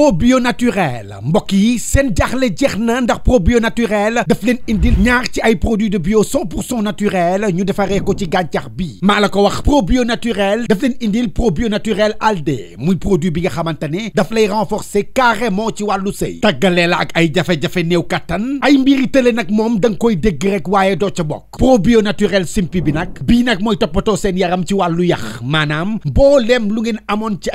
probio naturel mbokk yi seen jaaxle jeex ndax probio naturel daf leen indil ñaar ci ay produits de bio 100 naturel ñu defaree ko ci bi wax naturel daf leen indil probio naturel alde muy produit bi nga xamantane daf carrément ci walu sey tagalé la ak ay jafé jafé new katan ay mbiri télé nag mom dang koy dégg rek probio naturel simpi bi nak bi nak moy topato seen yaram ci wàllu yax bo lem lu ngeen amone ci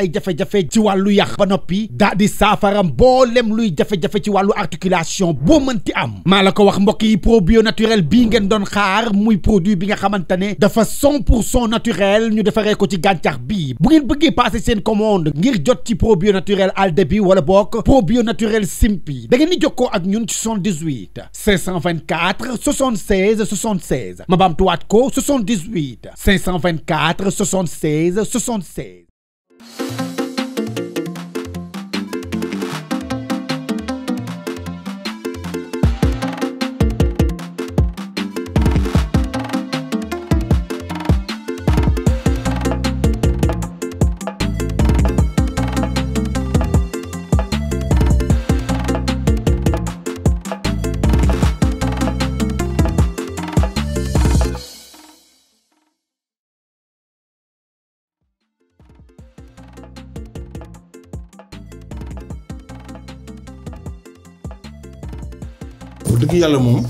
saafara mboolem luy jafé jafé ci walu articulation boo mënti am malako wax mbok yi probio naturel bi ngeen don xaar muy produit bi nga xamantane dafa 100 naturel ñu defaree ko ci gàncax bi bu ngeen bëggé passer seen commande ngir jot ci probio naturel al début wala pro probio naturel simpi da ngeen di jokkoo ak ñun ci 78 524 76 76 ma baamtuwaat ko 78 524 76 76. wax dëgg yàlla moom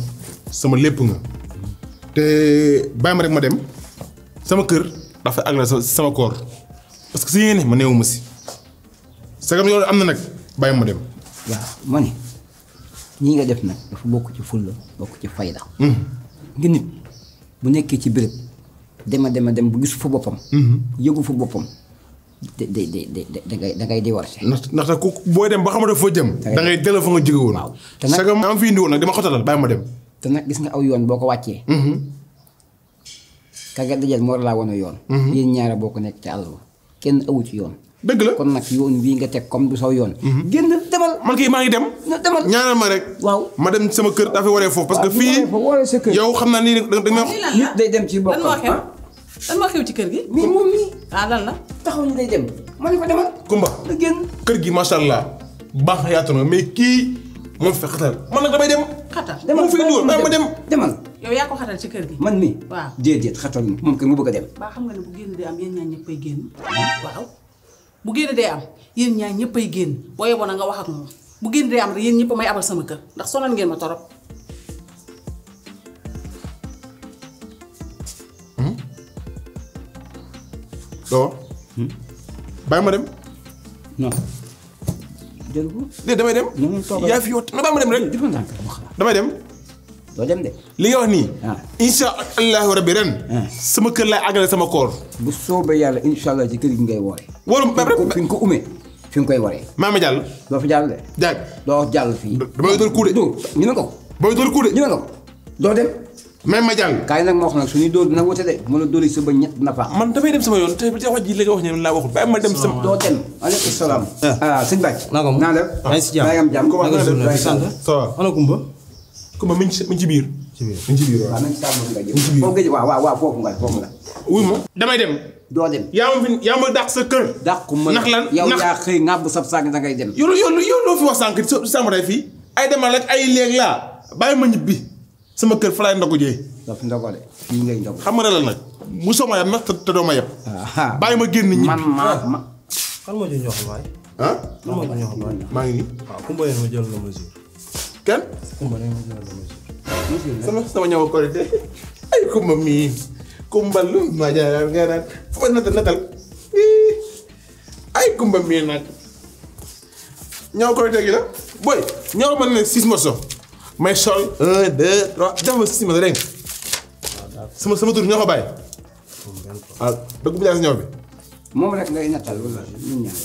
sama lépp nga te bàyyi ma dem sama kër dafa àgg na sama koor parce que si yéene ma néewuma si sagam yow am na nag bàyyi ma dem. waaw ma ne ñii nga def nag dafa bokk ci fulla bokk ci fayda. Mhm. ngir nit bu nekkee ci béréb dema dema dem bu gisu fa boppam. Mhm. yëgu fa boppam. da da ngay da ngay divorcé. ndax ndaxte ku booy dem ba xamante foo jëm. da ngay delloo fa nga jóge woon. waaw te nag sagam am fi indi woon nag dama xotalal bàyyi ma dem. te nag gis nga aw yoon boo ko wàccee. Mm-hmm. ka nga dajal moo mm-hmm. ba kenn awu ci yoon. dëgg la kon nag yoon wii nga teg comme du saw yoon. Mm-hmm. génn demal man kii maa ngi dem. demal ñaanal ma rek. waaw ma dem sama kër daa waree foofu. parce que fii yow xam naa ni da nga. day dem ci boppam lan ma xew ci kër gi mais moom mii ah lan la taxaw ni day dem ma ne ko demal kumba da génn kër gi macha allah baax na yaatu na mais kii moom fi xatal man nag damay dem xatal moom fi dugal naa ma dem demal yow yaa ko xatal ci kër gi man mii waaw déedéet xatal ma moom kër bëgg dem baa xam nga ne bu génn day am yéen ñaan ñëppay génn waaw bu am ñaan nga wax ak bu am may abal sama kër ndax sonal ngeen ma torop non. Hmm? bàyyi ma dem. non. jël ko. léegi damay dem. non non yaa fi dem rek. damay dem. doo dem de. li nga wax nii. waaw ah. incha allahu rabbi ren. Ah. sama kër laay àggale sama koor. bu soobee yàlla incha allah ci kër gi ngay woore. wóorum ba rek fi nga ko umee. fi nga koy waree. maama Diallo. doo fi jàll de. doo jàll fii. damay dóor kuude. ñu ne ko. ñu ne ko doo dem. même ma jàng. kaay nag ma wax nag suñuy dóor dina wute de ma la dóor sa ba ñett dina faa. man laa waxul bàyyi ma dem sama. doo ten eh. ah, ko moom naa def. maa ngi si jàmm maa ah, ngi si jàmm sant. ana damay dem. doo dem yaa ma fi yaa ma dàq sa kër. dàq ma ndax lan yaw yaa xëy ngàbb sa sànq da ngay dem. yow yow yow loo fi wax sànq sànq day fii ay demal rek ay léeg laa bàyyi ma ñibbi sama keur fly ndogu je daf ndogale fii ngay ndogu xam nga la nak musoo ma yab nag te do ma yeb ah. bayima genn génn man ma kan mo jox bay waay ah kan moo jël ñoxal kan ngi nii waaw kumba ma jël la mesure kan ku yéen ma jël la mesure sama sama ñaw ko rete ay ma mi kumba lu ma jaaral nga fu na ta natal ay ma mi nak ñaw ko rete gi la boy ñaw ma ne 6 morceaux Mas só. Um, dois, três. Dá uma cima, Dorém. Se você mudou, não é tá hum? né? roubai. Ah, bem como é que você não rek tá, nada, ina tal wala ñun ñaar.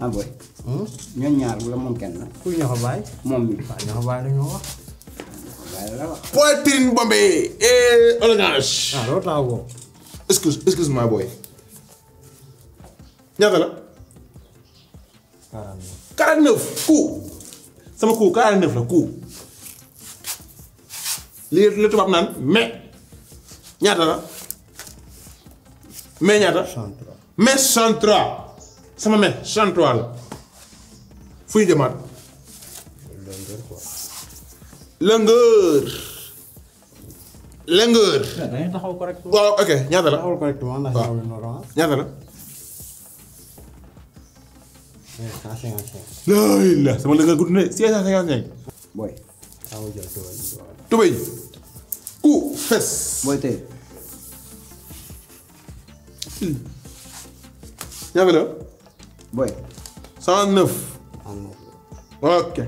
Am boy. Hmm? Ñun ñaar wala mom kenn não Ku ñoo bay? não mi. não ñoo bay dañu wax. Poitrine bombée et orange. Ah, l'autre là haut. Excuse, excuse-moi boy. não la? 49. 49 coups. sama coup 49 la coup li li tubaab naan mais ñaata la mais ñaata. mais sama mais 63 la fu ñu jëmaat. longueur waaw ok ñaata la. ñaata la. 555. looy la sama dëgg gudd na 655. booy. tubéy. ku fes. booy tey. ñaata la. booy. ok.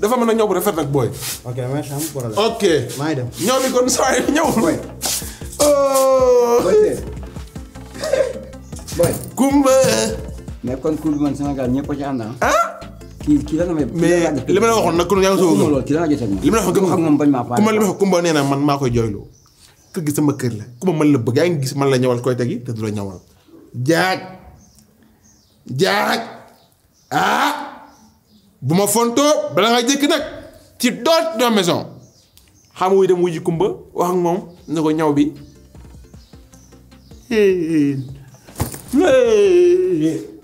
dafa mën a ñëw bu rafet nag booy. ok maa ngi dem. ñëw bi kon saa yi ñëw. booy. booy. kumba. mais kon coupe ñëpp ci kii kii lan la may. li ma waxoon nag ku yaa a gëm. la li ma la waxoon xam moom li ma wax Kumba nee na man maa koy jooyloo. kër gi sama kër la ku ma la bëgg yaa ngi gis man la ñëwal koy tegi te du la ñëwal. jaaj jaaj ah bu ma fontoo bala nga jëkk nag ci doot doo xam nga dem wuji Kumba wax ak moom ne ko ñaw bi.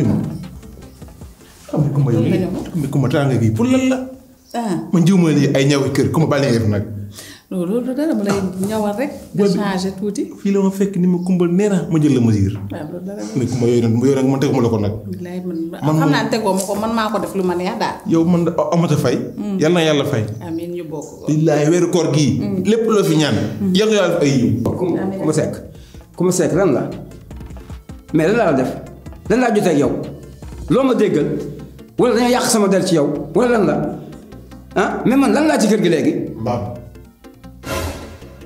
kuy moom. xam la. man ah. ma lii ay ñaw kër kumba bàyyi def nag. loolu ah. tuuti. fii la ma fekk ni ma kumba nee ma la mesure. waaw ah, loolu dara mais kumba yooyu nag yooyu teguma la ko nag. bilaay man ma ko maa ko def lu ma neex daal. yow man amata fay. Mm. yal na yàlla fay. amiin ñu koor gii. Mm. lépp loo fi ñaan. Mm. yal na yàlla ay yiw. ma sekk ku sekk lan la mais lan laa def. lan la jotté yow lo ma déggal wala dañu yàq sama der ci yow wala lan la ah mais man lan la ci kër gi léegi. mbaam.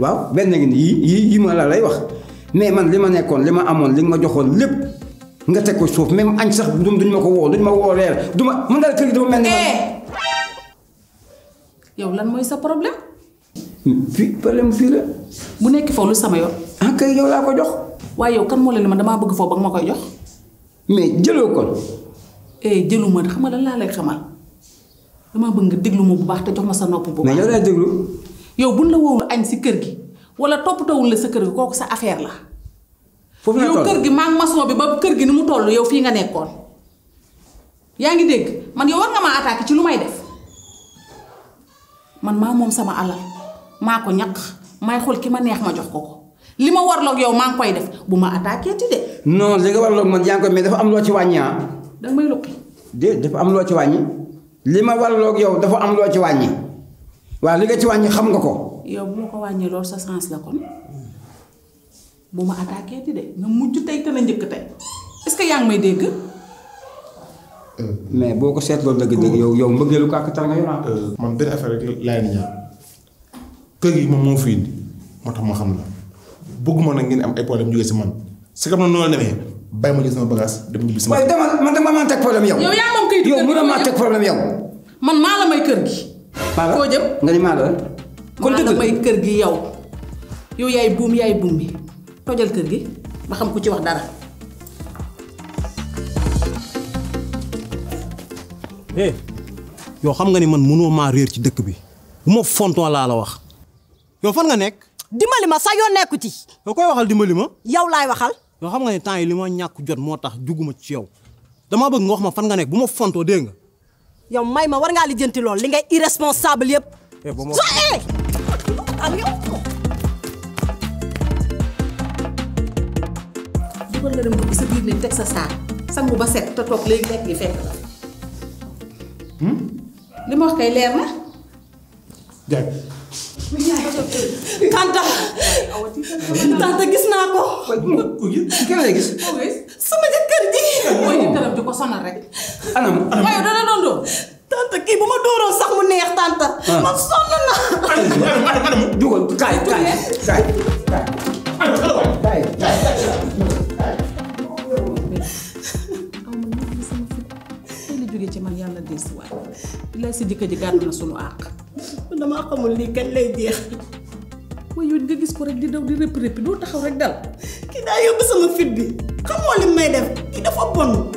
waaw benn ngi ni yi yi ma la lay wax mais man li ma nekkoon li ma amoon li ma joxoon lépp nga teg ko suuf même añ sax duñ duñ ma ko woo duñ ma woo reer du ma man daal kër gi dama mel ni yow lan mooy sa problème. fii problème fii la. bu nekk foofu lu sama yoon. ah kay yow laa ko jox. waaye yow kan moo leen man damaa bëgg foofu ba nga ma koy jox. mais jëloo ko. eh jëlu ma xam nga lan laa lay xamal dama bëgg nga déglu ma bu baax te jox ma sa nopp bu baax. déglu. yow buñ la wowul añ si kër gi wala toppatoowul la sa kër gi kooku sa affaire la. foofu la yow kër bi ba kër gi ni mu toll yow fii nga nekkoon. yaa ngi dégg man yow war nga ci lu may def man maa moom sama alal maa ñaq may xool ki ma neex ma jox ko ko li ma warloog yow maa ngi koy def bu ma attaqué ti de. non li nga war lok man yaa ngi koy mais dafa am lo ci wàññi ah. dang may lok de dafa am lo ci wàññi. li ma war loog yow dafa am lo ci wàññi. wa li nga ci wàññi xam nga ko. yow bu mako ko wàññee sa sens la kon bu ma attaqué ti de nga muccu tay te la njëkk tay est-ce que yaa may deg euh, mais boko set lol deug deug yow yow mbëggeelu kàkk tal nga yoraa. Euh, man benn affaire rek laay ñaan keug yi mo mo fi indi motax tax ma xam la bëgguma nak ngeen am ay problème jógee si man si kam noonu la demee bàyyi ma jël sama bagage dem ñibbi sama. waaye dama man dama maa teg problème yow. yow yaa moom kay yow mën na maa teg problème yow. man maa la may kër gi. maa la koo jëm nga ni maa la. kon dëgg maa la may kër gi yow. yow yaay buum yaay buum bi tojal kër gi ba xam ku ci wax dara. eh yow xam nga ni man mënoo maa réer ci dëkk bi bu ma fonton laa la wax yow fan nga nekk. dimbali ma sa yoon nekku ci. koy waxal dimbali ma. yow laay waxal. yoo xam nga ne temps yi li ma ñàkk jot moo tax juguma ci yow dama bëgg nga wax ma fan nga nekk bu ma fontoo dégg nga. yow may ma war ngaa lijjanti lool li ngay irresponsable yëpp. Eh, dugal nga dem dugg sa biir ba set te toog hmm? li ma wax kay leer na. tanta tanta gis naa ko. sama jëkkër ji. rek. anam anam bu ma dooroon sax mu neex tanta. ma sonn na. anam dugal kaay ci man yàlla desuwaay. di lay si jëkkër ji gàddu na sunu àq. damaa xamul lii kañ lay jeex waaye nga gis ko rek di daw di rëpp rëppi doo taxaw rek dal kii daa yóbbu sama fit bi xamoo li may def kii dafa bon